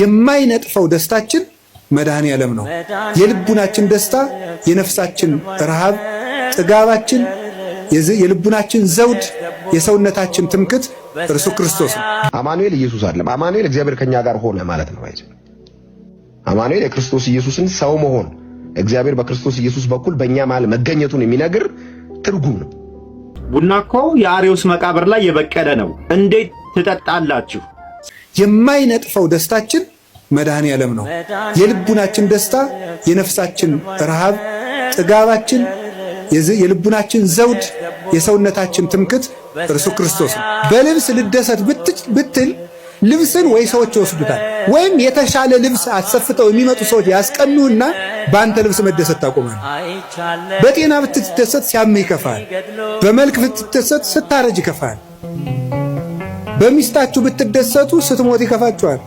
የማይነጥፈው ደስታችን መድኃኔ ዓለም ነው። የልቡናችን ደስታ፣ የነፍሳችን ረሃብ፣ ጥጋባችን፣ የልቡናችን ዘውድ፣ የሰውነታችን ትምክት እርሱ ክርስቶስ ነው። አማኑኤል ኢየሱስ አይደለም። አማኑኤል እግዚአብሔር ከኛ ጋር ሆነ ማለት ነው። አማኑኤል የክርስቶስ ኢየሱስን ሰው መሆን እግዚአብሔር በክርስቶስ ኢየሱስ በኩል በእኛ መሃል መገኘቱን የሚነግር ትርጉም ነው። ቡና እኮ የአርዮስ መቃብር ላይ የበቀለ ነው። እንዴት ትጠጣላችሁ? የማይነጥፈው ደስታችን መድኃኔ ዓለም ነው። የልቡናችን ደስታ፣ የነፍሳችን ረሃብ፣ ጥጋባችን፣ የልቡናችን ዘውድ፣ የሰውነታችን ትምክት እርሱ ክርስቶስ ነው። በልብስ ልደሰት ብትል ልብስን ወይ ሰዎች ይወስዱታል፣ ወይም የተሻለ ልብስ አሰፍተው የሚመጡ ሰዎች ያስቀኑና በአንተ ልብስ መደሰት ታቆማል። በጤና ብትደሰት ሲያምህ ይከፋል። በመልክ ብትደሰት ስታረጅ ይከፋል። በሚስታችሁ ብትደሰቱ ስትሞት ይከፋችኋል።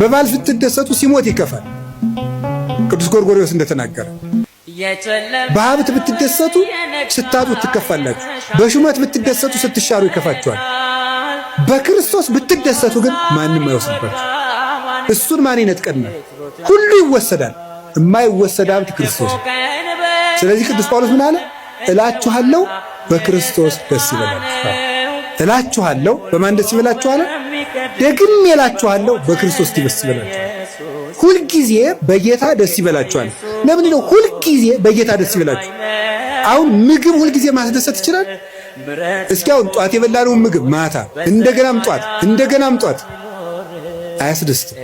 በባል ብትደሰቱ ሲሞት ይከፋል። ቅዱስ ጎርጎሪዎስ እንደተናገረ በሀብት ብትደሰቱ ስታጡ ትከፋላችሁ። በሹመት ብትደሰቱ ስትሻሩ ይከፋችኋል። በክርስቶስ ብትደሰቱ ግን ማንም አይወስድባችሁ። እሱን ማን ይነጥቀና? ሁሉ ይወሰዳል። የማይወሰድ ሀብት ክርስቶስ። ስለዚህ ቅዱስ ጳውሎስ ምን አለ? እላችኋለሁ በክርስቶስ ደስ ይበላችሁ። እላችኋለሁ በማን ደስ ይበላችኋል? ደግም እላችኋለሁ በክርስቶስ ደስ ይበላችኋል። ሁልጊዜ በጌታ ደስ ይበላችኋል። ለምንድን ነው ሁልጊዜ በጌታ ደስ ይበላችሁ? አሁን ምግብ ሁልጊዜ ማስደሰት ይችላል? እስኪ አሁን ጧት የበላነውን ምግብ ማታ እንደገናም ጧት እንደገናም ጧት አያስደስትም።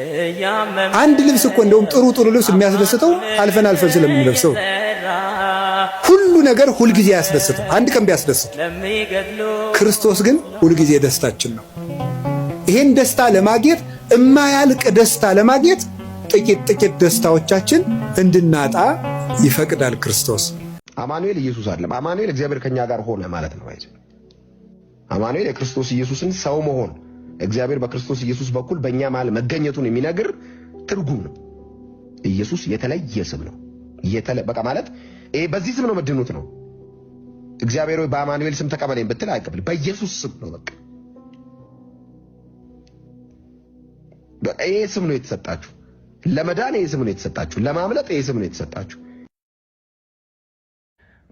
አንድ ልብስ እኮ እንደውም ጥሩ ጥሩ ልብስ የሚያስደስተው አልፈን አልፈን ስለምንለብሰው ሁሉ ነገር ሁልጊዜ አያስደስትም። አንድ ቀን ቢያስደስት ክርስቶስ ግን ሁልጊዜ ደስታችን ነው። ይሄን ደስታ ለማግኘት እማያልቅ ደስታ ለማግኘት ጥቂት ጥቂት ደስታዎቻችን እንድናጣ ይፈቅዳል ክርስቶስ። አማኑኤል ኢየሱስ አይደለም። አማኑኤል እግዚአብሔር ከኛ ጋር ሆነ ማለት ነው። አማኑኤል የክርስቶስ ኢየሱስን ሰው መሆን እግዚአብሔር በክርስቶስ ኢየሱስ በኩል በእኛ መሃል መገኘቱን የሚነግር ትርጉም ነው። ኢየሱስ የተለየ ስም ነው። በቃ ማለት በዚህ ስም ነው መድኑት ነው እግዚአብሔር ሆይ በአማኑኤል ስም ተቀበለኝ ብትል አይቀበል። በኢየሱስ ስም ነው። በቃ ይሄ ስም ነው የተሰጣችሁ። ለመዳን ይሄ ስም ነው የተሰጣችሁ። ለማምለጥ ይሄ ስም ነው የተሰጣችሁ።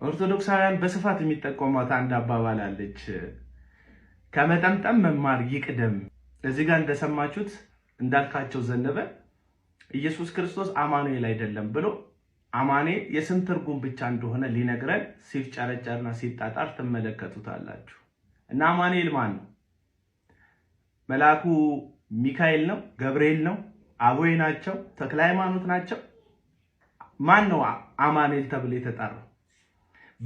ኦርቶዶክሳውያን በስፋት የሚጠቀሟት አንድ አባባል አለች፣ ከመጠምጠም መማር ይቅደም። እዚህ ጋር እንደሰማችሁት እንዳልካቸው ዘነበ ኢየሱስ ክርስቶስ አማኑኤል አይደለም ብሎ አማኑኤል የስም ትርጉም ብቻ እንደሆነ ሊነግረን ሲፍጨረጨርና ሲጣጣር ትመለከቱታላችሁ። እና አማኑኤል ማን ነው? መልአኩ ሚካኤል ነው? ገብርኤል ነው? አቦይ ናቸው? ተክለ ሃይማኖት ናቸው? ማን ነው አማኑኤል ተብሎ የተጠራው?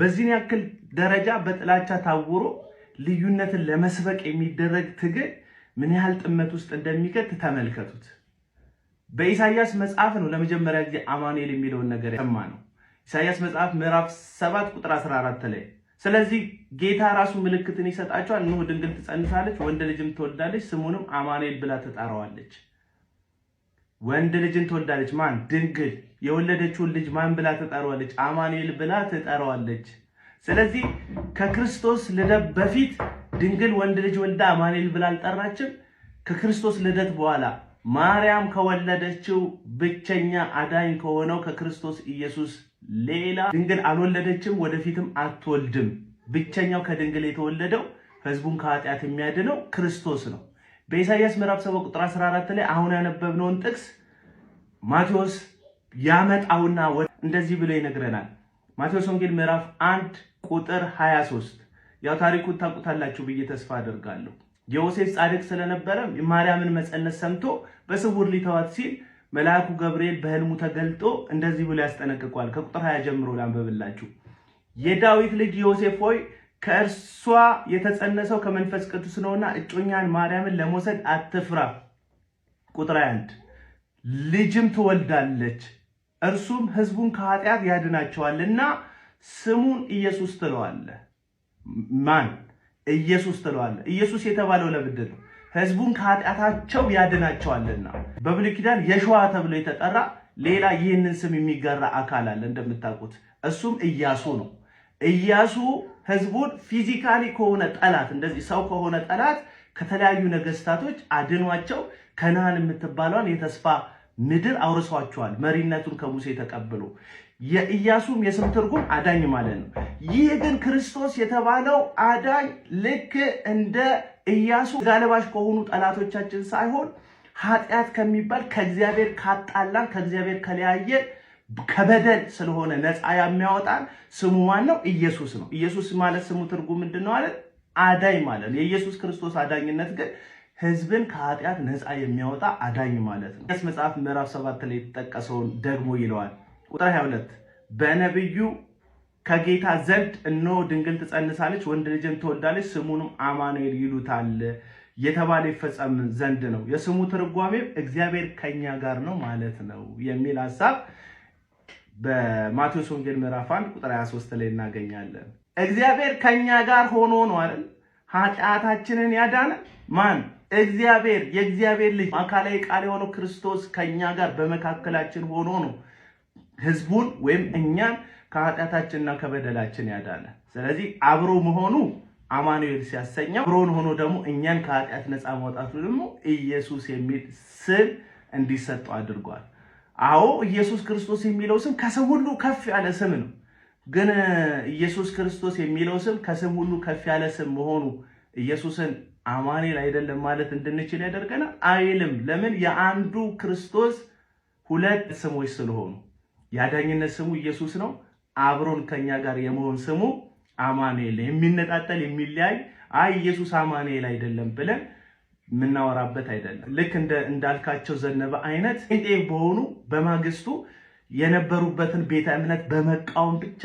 በዚህን ያክል ደረጃ በጥላቻ ታውሮ ልዩነትን ለመስበቅ የሚደረግ ትግል ምን ያህል ጥመት ውስጥ እንደሚከት ተመልከቱት። በኢሳያስ መጽሐፍ ነው ለመጀመሪያ ጊዜ አማኑኤል የሚለውን ነገር ሰማ ነው። ኢሳያስ መጽሐፍ ምዕራፍ 7 ቁጥር 14 ላይ ስለዚህ ጌታ ራሱ ምልክትን ይሰጣቸዋል፣ እንሆ ድንግል ትጸንሳለች፣ ወንድ ልጅም ትወልዳለች፣ ስሙንም አማኑኤል ብላ ትጠራዋለች። ወንድ ልጅን ትወልዳለች። ማን? ድንግል። የወለደችውን ልጅ ማን ብላ ትጠራዋለች? አማኑኤል ብላ ትጠራዋለች። ስለዚህ ከክርስቶስ ልደት በፊት ድንግል ወንድ ልጅ ወልዳ አማኑኤል ብላ አልጠራችም። ከክርስቶስ ልደት በኋላ ማርያም ከወለደችው ብቸኛ አዳኝ ከሆነው ከክርስቶስ ኢየሱስ ሌላ ድንግል አልወለደችም፣ ወደፊትም አትወልድም። ብቸኛው ከድንግል የተወለደው ህዝቡን ከኃጢአት የሚያድነው ክርስቶስ ነው። በኢሳይያስ ምዕራፍ 7 ቁጥር 14 ላይ አሁን ያነበብነውን ጥቅስ ማቴዎስ ያመጣውና እንደዚህ ብሎ ይነግረናል። ማቴዎስ ወንጌል ምዕራፍ 1 ቁጥር 23 ያው ታሪኩ ታውቁታላችሁ ብዬ ተስፋ አደርጋለሁ። ዮሴፍ ጻድቅ ስለነበረ ማርያምን መጸነስ ሰምቶ በስውር ሊተዋት ሲል መልአኩ ገብርኤል በህልሙ ተገልጦ እንደዚህ ብሎ ያስጠነቅቋል። ከቁጥር 20 ጀምሮ ላንበብላችሁ። የዳዊት ልጅ ዮሴፍ ሆይ ከእርሷ የተጸነሰው ከመንፈስ ቅዱስ ነውና እጮኛን ማርያምን ለመውሰድ አትፍራ። ቁጥር 21 ልጅም ትወልዳለች፣ እርሱም ህዝቡን ከኃጢአት ያድናቸዋልና ስሙን ኢየሱስ ትለዋለህ። ማን ኢየሱስ ትለዋለህ። ኢየሱስ የተባለው ለምንድን ነው? ህዝቡን ከኃጢአታቸው ያድናቸዋልና። በብሉይ ኪዳን የሸዋ ተብሎ የተጠራ ሌላ ይህንን ስም የሚገራ አካል አለ እንደምታውቁት፣ እሱም ኢያሱ ነው። ኢያሱ ህዝቡን ፊዚካሊ ከሆነ ጠላት እንደዚህ ሰው ከሆነ ጠላት ከተለያዩ ነገስታቶች አድኗቸው ከነአን የምትባለዋን የተስፋ ምድር አውርሷቸዋል። መሪነቱን ከሙሴ ተቀብሎ የኢያሱም የስም ትርጉም አዳኝ ማለት ነው። ይህ ግን ክርስቶስ የተባለው አዳኝ ልክ እንደ ኢያሱ ጋለባሽ ከሆኑ ጠላቶቻችን ሳይሆን ኃጢአት ከሚባል ከእግዚአብሔር ካጣላን ከእግዚአብሔር ከለያየ ከበደል ስለሆነ ነፃ የሚያወጣን ስሙ ማን ነው? ኢየሱስ ነው። ኢየሱስ ማለት ስሙ ትርጉም ምንድን ነው? አለ አዳኝ ማለት ነው። የኢየሱስ ክርስቶስ አዳኝነት ግን ህዝብን ከኃጢአት ነፃ የሚያወጣ አዳኝ ማለት ነው። መጽሐፍ ምዕራፍ ሰባት ላይ የተጠቀሰውን ደግሞ ይለዋል ቁጥር 22 በነቢዩ ከጌታ ዘንድ እነሆ ድንግል ትጸንሳለች፣ ወንድ ልጅን ትወልዳለች፣ ስሙንም አማኑኤል ይሉታል የተባለ ይፈጸም ዘንድ ነው። የስሙ ትርጓሜም እግዚአብሔር ከኛ ጋር ነው ማለት ነው የሚል ሀሳብ በማቴዎስ ወንጌል ምዕራፍ 1 ቁጥር 23 ላይ እናገኛለን። እግዚአብሔር ከኛ ጋር ሆኖ ነው አይደል ኃጢአታችንን ያዳነ ማን? እግዚአብሔር የእግዚአብሔር ልጅ አካላዊ ቃል የሆነው ክርስቶስ ከኛ ጋር በመካከላችን ሆኖ ነው ህዝቡን ወይም እኛን ከኃጢአታችንና ከበደላችን ያዳነ። ስለዚህ አብሮ መሆኑ አማኑኤል ሲያሰኘው አብሮን ሆኖ ደግሞ እኛን ከኃጢአት ነፃ ማውጣቱ ደግሞ ኢየሱስ የሚል ስም እንዲሰጠው አድርጓል። አዎ ኢየሱስ ክርስቶስ የሚለው ስም ከስም ሁሉ ከፍ ያለ ስም ነው። ግን ኢየሱስ ክርስቶስ የሚለው ስም ከስም ሁሉ ከፍ ያለ ስም መሆኑ ኢየሱስን አማኑኤል አይደለም ማለት እንድንችል ያደርገናል አይልም። ለምን? የአንዱ ክርስቶስ ሁለት ስሞች ስለሆኑ የአዳኝነት ስሙ ኢየሱስ ነው። አብሮን ከኛ ጋር የመሆን ስሙ አማኑኤል የሚነጣጠል የሚለያይ አይ ኢየሱስ አማኑኤል አይደለም ብለን የምናወራበት አይደለም። ልክ እንዳልካቸው ዘነበ አይነት ጴንጤ በሆኑ በማግስቱ የነበሩበትን ቤተ እምነት በመቃወም ብቻ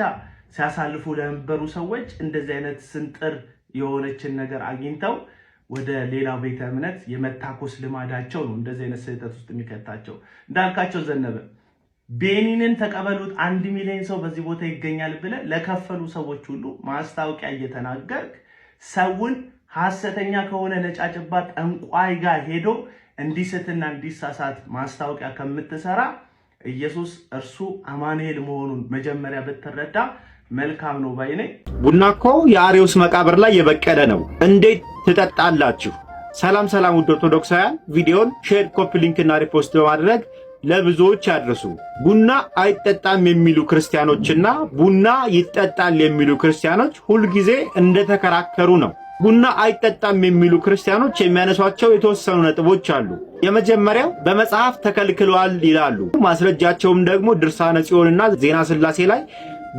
ሲያሳልፉ ለነበሩ ሰዎች እንደዚህ አይነት ስንጥር የሆነችን ነገር አግኝተው ወደ ሌላው ቤተ እምነት የመታኮስ ልማዳቸው ነው እንደዚህ አይነት ስህተት ውስጥ የሚከታቸው እንዳልካቸው ዘነበ ቤኒንን ተቀበሉት አንድ ሚሊዮን ሰው በዚህ ቦታ ይገኛል ብለህ ለከፈሉ ሰዎች ሁሉ ማስታወቂያ እየተናገርክ ሰውን ሐሰተኛ ከሆነ ነጫጭባ ጠንቋይ ጋር ሄዶ እንዲስትና እንዲሳሳት ማስታወቂያ ከምትሰራ ኢየሱስ እርሱ አማኑኤል መሆኑን መጀመሪያ ብትረዳ መልካም ነው ባይ ነኝ። ቡና እኮ የአሬውስ መቃብር ላይ የበቀለ ነው፣ እንዴት ትጠጣላችሁ? ሰላም ሰላም፣ ውድ ኦርቶዶክሳውያን ቪዲዮን ሼር፣ ኮፒ ሊንክና ሪፖስት በማድረግ ለብዙዎች ያድርሱ። ቡና አይጠጣም የሚሉ ክርስቲያኖችና ቡና ይጠጣል የሚሉ ክርስቲያኖች ሁልጊዜ እንደተከራከሩ ነው። ቡና አይጠጣም የሚሉ ክርስቲያኖች የሚያነሷቸው የተወሰኑ ነጥቦች አሉ። የመጀመሪያው በመጽሐፍ ተከልክለዋል ይላሉ። ማስረጃቸውም ደግሞ ድርሳነ ጽዮንና ዜና ስላሴ ላይ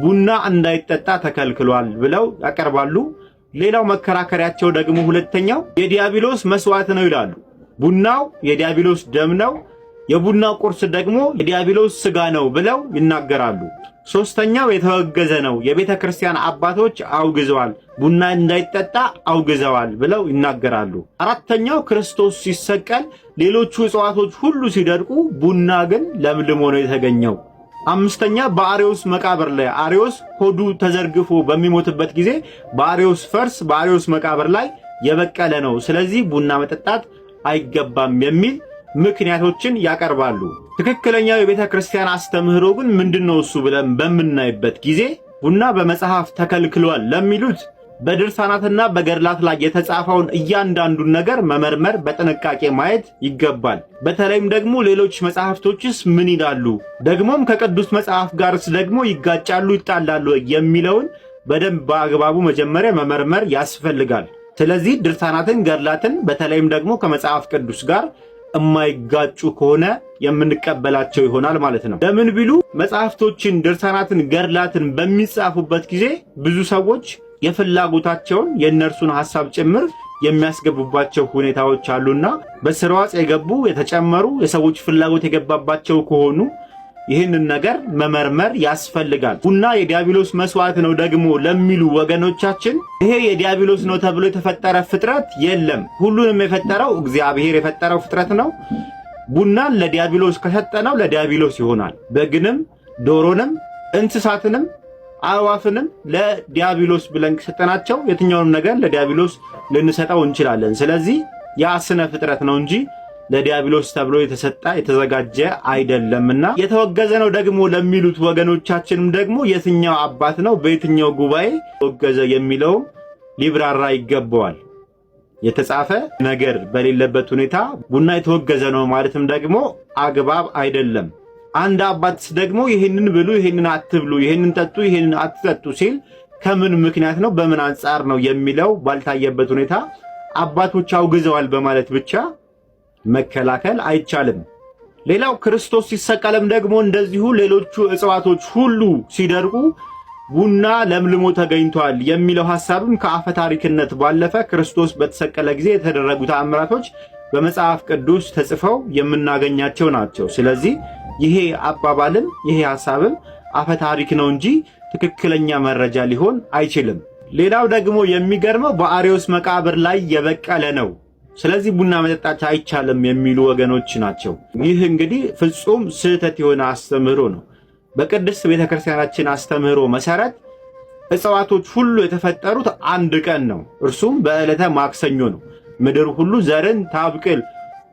ቡና እንዳይጠጣ ተከልክሏል ብለው ያቀርባሉ። ሌላው መከራከሪያቸው ደግሞ ሁለተኛው የዲያብሎስ መስዋዕት ነው ይላሉ። ቡናው የዲያብሎስ ደም ነው የቡና ቁርስ ደግሞ የዲያብሎስ ስጋ ነው ብለው ይናገራሉ። ሶስተኛው የተወገዘ ነው። የቤተ ክርስቲያን አባቶች አውግዘዋል። ቡና እንዳይጠጣ አውግዘዋል ብለው ይናገራሉ። አራተኛው ክርስቶስ ሲሰቀል ሌሎቹ እጽዋቶች ሁሉ ሲደርቁ፣ ቡና ግን ለምልሞ ነው የተገኘው። አምስተኛ በአሪዎስ መቃብር ላይ አሪዮስ ሆዱ ተዘርግፎ በሚሞትበት ጊዜ በአሪዮስ ፈርስ በአሪዎስ መቃብር ላይ የበቀለ ነው። ስለዚህ ቡና መጠጣት አይገባም የሚል ምክንያቶችን ያቀርባሉ። ትክክለኛው የቤተ ክርስቲያን አስተምህሮ ግን ምንድነው እሱ ብለን በምናይበት ጊዜ ቡና በመጽሐፍ ተከልክሏል ለሚሉት በድርሳናትና በገድላት ላይ የተጻፈውን እያንዳንዱን ነገር መመርመር፣ በጥንቃቄ ማየት ይገባል። በተለይም ደግሞ ሌሎች መጽሐፍቶችስ ምን ይላሉ፣ ደግሞም ከቅዱስ መጽሐፍ ጋርስ ደግሞ ይጋጫሉ፣ ይጣላሉ የሚለውን በደንብ በአግባቡ መጀመሪያ መመርመር ያስፈልጋል። ስለዚህ ድርሳናትን፣ ገድላትን በተለይም ደግሞ ከመጽሐፍ ቅዱስ ጋር የማይጋጩ ከሆነ የምንቀበላቸው ይሆናል ማለት ነው። ለምን ቢሉ መጽሐፍቶችን፣ ድርሳናትን፣ ገድላትን በሚጻፉበት ጊዜ ብዙ ሰዎች የፍላጎታቸውን የእነርሱን ሀሳብ ጭምር የሚያስገቡባቸው ሁኔታዎች አሉና በስርዋጽ የገቡ የተጨመሩ የሰዎች ፍላጎት የገባባቸው ከሆኑ ይህንን ነገር መመርመር ያስፈልጋል። ቡና የዲያብሎስ መስዋዕት ነው ደግሞ ለሚሉ ወገኖቻችን ይሄ የዲያብሎስ ነው ተብሎ የተፈጠረ ፍጥረት የለም። ሁሉንም የፈጠረው እግዚአብሔር የፈጠረው ፍጥረት ነው። ቡናን ለዲያብሎስ ከሰጠነው ለዲያብሎስ ይሆናል። በግንም፣ ዶሮንም፣ እንስሳትንም አእዋፍንም ለዲያብሎስ ብለን ከሰጠናቸው የትኛውንም ነገር ለዲያብሎስ ልንሰጠው እንችላለን። ስለዚህ ያስነ ፍጥረት ነው እንጂ ለዲያብሎስ ተብሎ የተሰጠ የተዘጋጀ አይደለምና የተወገዘ ነው ደግሞ ለሚሉት ወገኖቻችንም ደግሞ የትኛው አባት ነው በየትኛው ጉባኤ ተወገዘ የሚለውም ሊብራራ ይገባዋል። የተጻፈ ነገር በሌለበት ሁኔታ ቡና የተወገዘ ነው ማለትም ደግሞ አግባብ አይደለም። አንድ አባትስ ደግሞ ይህንን ብሉ፣ ይህንን አትብሉ፣ ይህንን ጠጡ፣ ይህንን አትጠጡ ሲል ከምን ምክንያት ነው በምን አንጻር ነው የሚለው ባልታየበት ሁኔታ አባቶች አውግዘዋል በማለት ብቻ መከላከል አይቻልም። ሌላው ክርስቶስ ሲሰቀለም ደግሞ እንደዚሁ ሌሎቹ እጽዋቶች ሁሉ ሲደርቁ ቡና ለምልሞ ተገኝቷል የሚለው ሐሳብም ከአፈ ታሪክነት ባለፈ ክርስቶስ በተሰቀለ ጊዜ የተደረጉ ተአምራቶች በመጽሐፍ ቅዱስ ተጽፈው የምናገኛቸው ናቸው። ስለዚህ ይሄ አባባልም ይሄ ሐሳብም አፈ ታሪክ ነው እንጂ ትክክለኛ መረጃ ሊሆን አይችልም። ሌላው ደግሞ የሚገርመው በአርዮስ መቃብር ላይ የበቀለ ነው። ስለዚህ ቡና መጠጣት አይቻልም የሚሉ ወገኖች ናቸው። ይህ እንግዲህ ፍጹም ስህተት የሆነ አስተምህሮ ነው። በቅድስት ቤተክርስቲያናችን አስተምህሮ መሰረት እጽዋቶች ሁሉ የተፈጠሩት አንድ ቀን ነው። እርሱም በዕለተ ማክሰኞ ነው። ምድር ሁሉ ዘርን ታብቅል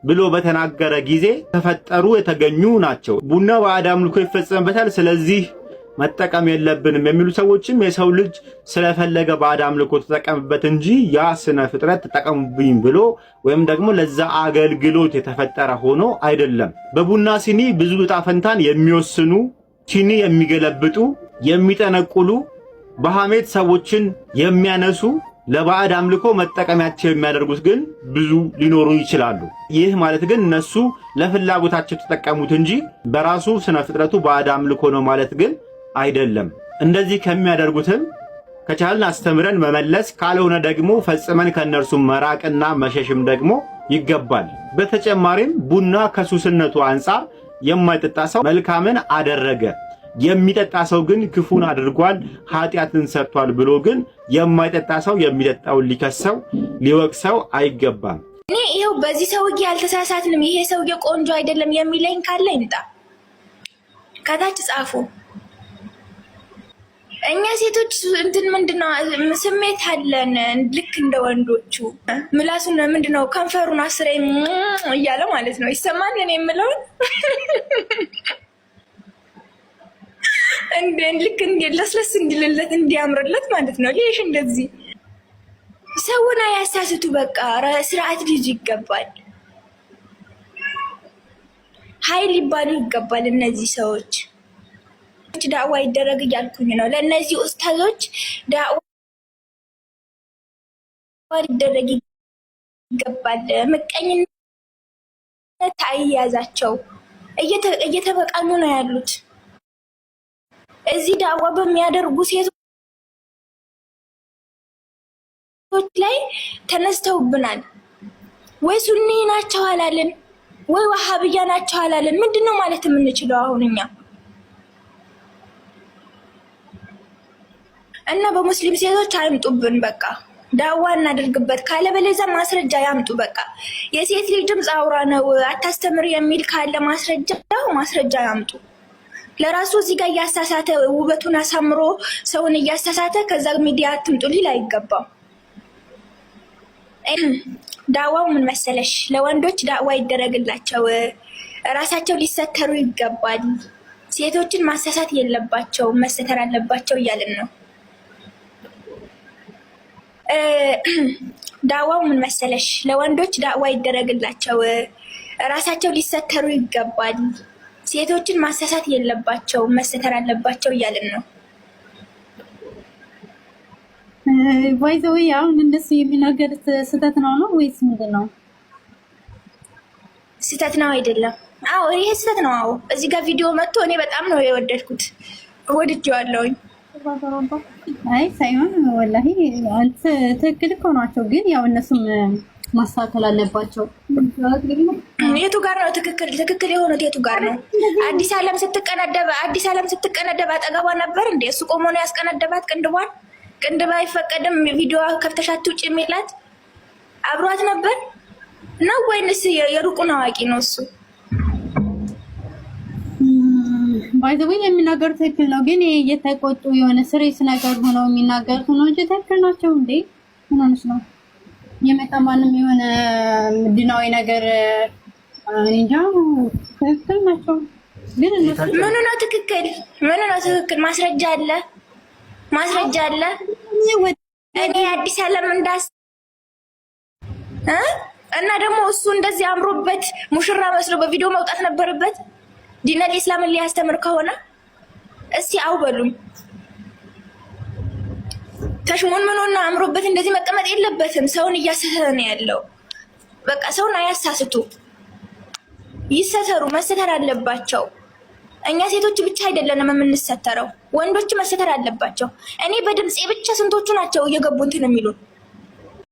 ብሎ በተናገረ ጊዜ ተፈጠሩ የተገኙ ናቸው። ቡና በአዳም ልኮ ይፈጸምበታል። ስለዚህ መጠቀም የለብንም የሚሉ ሰዎችም የሰው ልጅ ስለፈለገ ባዕድ አምልኮ ተጠቀምበት እንጂ ያ ስነ ፍጥረት ተጠቀሙብኝ ብሎ ወይም ደግሞ ለዛ አገልግሎት የተፈጠረ ሆኖ አይደለም። በቡና ሲኒ ብዙ ዕጣ ፈንታን የሚወስኑ ሲኒ የሚገለብጡ፣ የሚጠነቁሉ፣ በሐሜት ሰዎችን የሚያነሱ ለባዕድ አምልኮ መጠቀሚያቸው የሚያደርጉት ግን ብዙ ሊኖሩ ይችላሉ። ይህ ማለት ግን እነሱ ለፍላጎታቸው ተጠቀሙት እንጂ በራሱ ስነ ፍጥረቱ ባዕድ አምልኮ ነው ማለት ግን አይደለም። እንደዚህ ከሚያደርጉትም ከቻልን አስተምረን መመለስ፣ ካልሆነ ደግሞ ፈጽመን ከእነርሱ መራቅና መሸሽም ደግሞ ይገባል። በተጨማሪም ቡና ከሱስነቱ አንጻር የማይጠጣ ሰው መልካምን አደረገ፣ የሚጠጣ ሰው ግን ክፉን አድርጓል፣ ኃጢአትን ሰርቷል ብሎ ግን የማይጠጣ ሰው የሚጠጣውን ሊከሰው ሊወቅሰው አይገባም። እኔ ይኸው በዚህ ሰውዬ አልተሳሳትንም፣ ይሄ ሰውዬ ቆንጆ አይደለም የሚለኝ ካለ ይምጣ። ከታች ጻፉ። እኛ ሴቶች እንትን ምንድነው ስሜት አለን፣ ልክ እንደ ወንዶቹ ምላሱ ምንድነው ከንፈሩን አስረኝ እያለ ማለት ነው ይሰማል። የምለውን የምለውን ልክ ለስለስ እንዲልለት እንዲያምርለት ማለት ነው። ሌሽ እንደዚህ ሰውን አያሳስቱ። በቃ ስርዓት ልጅ ይገባል፣ ሀይል ሊባሉ ይገባል እነዚህ ሰዎች። ዳዕዋ ይደረግ እያልኩኝ ነው። ለእነዚህ ኡስታዞች ዳዕዋ ሊደረግ ይገባል። ምቀኝነት አይያዛቸው። እየተበቃሉ ነው ያሉት። እዚህ ዳዕዋ በሚያደርጉ ሴቶች ላይ ተነስተውብናል። ወይ ሱኒ ናቸው አላልን፣ ወይ ዋሃብያ ናቸው አላልን። ምንድን ነው ማለት የምንችለው አሁን እኛ? እና በሙስሊም ሴቶች አይምጡብን። በቃ ዳዋ እናደርግበት ካለበለዚያ ማስረጃ ያምጡ። በቃ የሴት ልጅ ድምፅ አውራ ነው አታስተምር የሚል ካለ ማስረጃ ማስረጃ ያምጡ። ለራሱ እዚህ ጋር እያሳሳተ ውበቱን አሳምሮ ሰውን እያሳሳተ ከዛ ሚዲያ አትምጡ ሊል አይገባም። ዳዋው ምን መሰለሽ፣ ለወንዶች ዳዋ ይደረግላቸው፣ ራሳቸው ሊሰተሩ ይገባል። ሴቶችን ማሳሳት የለባቸው መሰተር አለባቸው እያልን ነው። ዳዋው ምን መሰለሽ፣ ለወንዶች ዳዋ ይደረግላቸው። ራሳቸው ሊሰተሩ ይገባል። ሴቶችን ማሳሳት የለባቸው፣ መሰተር አለባቸው እያልን ነው። ባይዘዌ አሁን እንደሱ የሚናገሩት ስህተት ነው ነው ወይስ ምንድን ነው? ስህተት ነው አይደለም? አዎ ይሄ ስህተት ነው። አዎ እዚህ ጋር ቪዲዮ መጥቶ እኔ በጣም ነው የወደድኩት፣ ወድጄዋለሁኝ። አይ ሳይሆን ወላሂ ትክክል እኮ ናቸው፣ ግን ያው እነሱም ማስተካከል አለባቸው። የቱ ጋር ነው ትክክል ትክክል የሆኑት የቱ ጋር ነው? አዲስ አለም ስትቀናደብ አዲስ አለም ስትቀናደብ አጠገቧ ነበር እንዴ? እሱ ቆሞ ነው ያስቀናደባት። ቅንድቧን ቅንድብ አይፈቀድም ቪዲዮ ከፍተሻት ውጭ የሚላት አብሯት ነበር ነው ወይንስ የሩቁን አዋቂ ነው እሱ? ባይ ዘ ባይዘው የሚናገሩ ትክክል ነው፣ ግን የተቆጡ የሆነ ስሬስ ነገር ሆነው የሚናገሩት ነው እንጂ ትክክል ናቸው እንዴ? ምንስ ነው የመጣ ማንም የሆነ ምድናዊ ነገር እንጃ። ትክክል ናቸው፣ ግን ምኑ ነው ትክክል? ምኑ ነው ትክክል? ማስረጃ አለ፣ ማስረጃ አለ። እኔ አዲስ አለም እንዳስ እና ደግሞ እሱ እንደዚህ አምሮበት ሙሽራ መስሎ በቪዲዮ መውጣት ነበረበት። ዲነል ኢስላምን ሊያስተምር ከሆነ እስቲ አው ተሽሞን ምኖና አምሮበት እንደዚህ መቀመጥ የለበትም። ሰውን እያሳሰተ ነው ያለው። በቃ ሰውን አያሳስቱ፣ ይሰተሩ፣ መሰተር አለባቸው። እኛ ሴቶች ብቻ አይደለንም የምንሰተረው፣ ወንዶች መሰተር አለባቸው። እኔ በድምፄ ብቻ ስንቶቹ ናቸው እየገቡ እንትን የሚሉን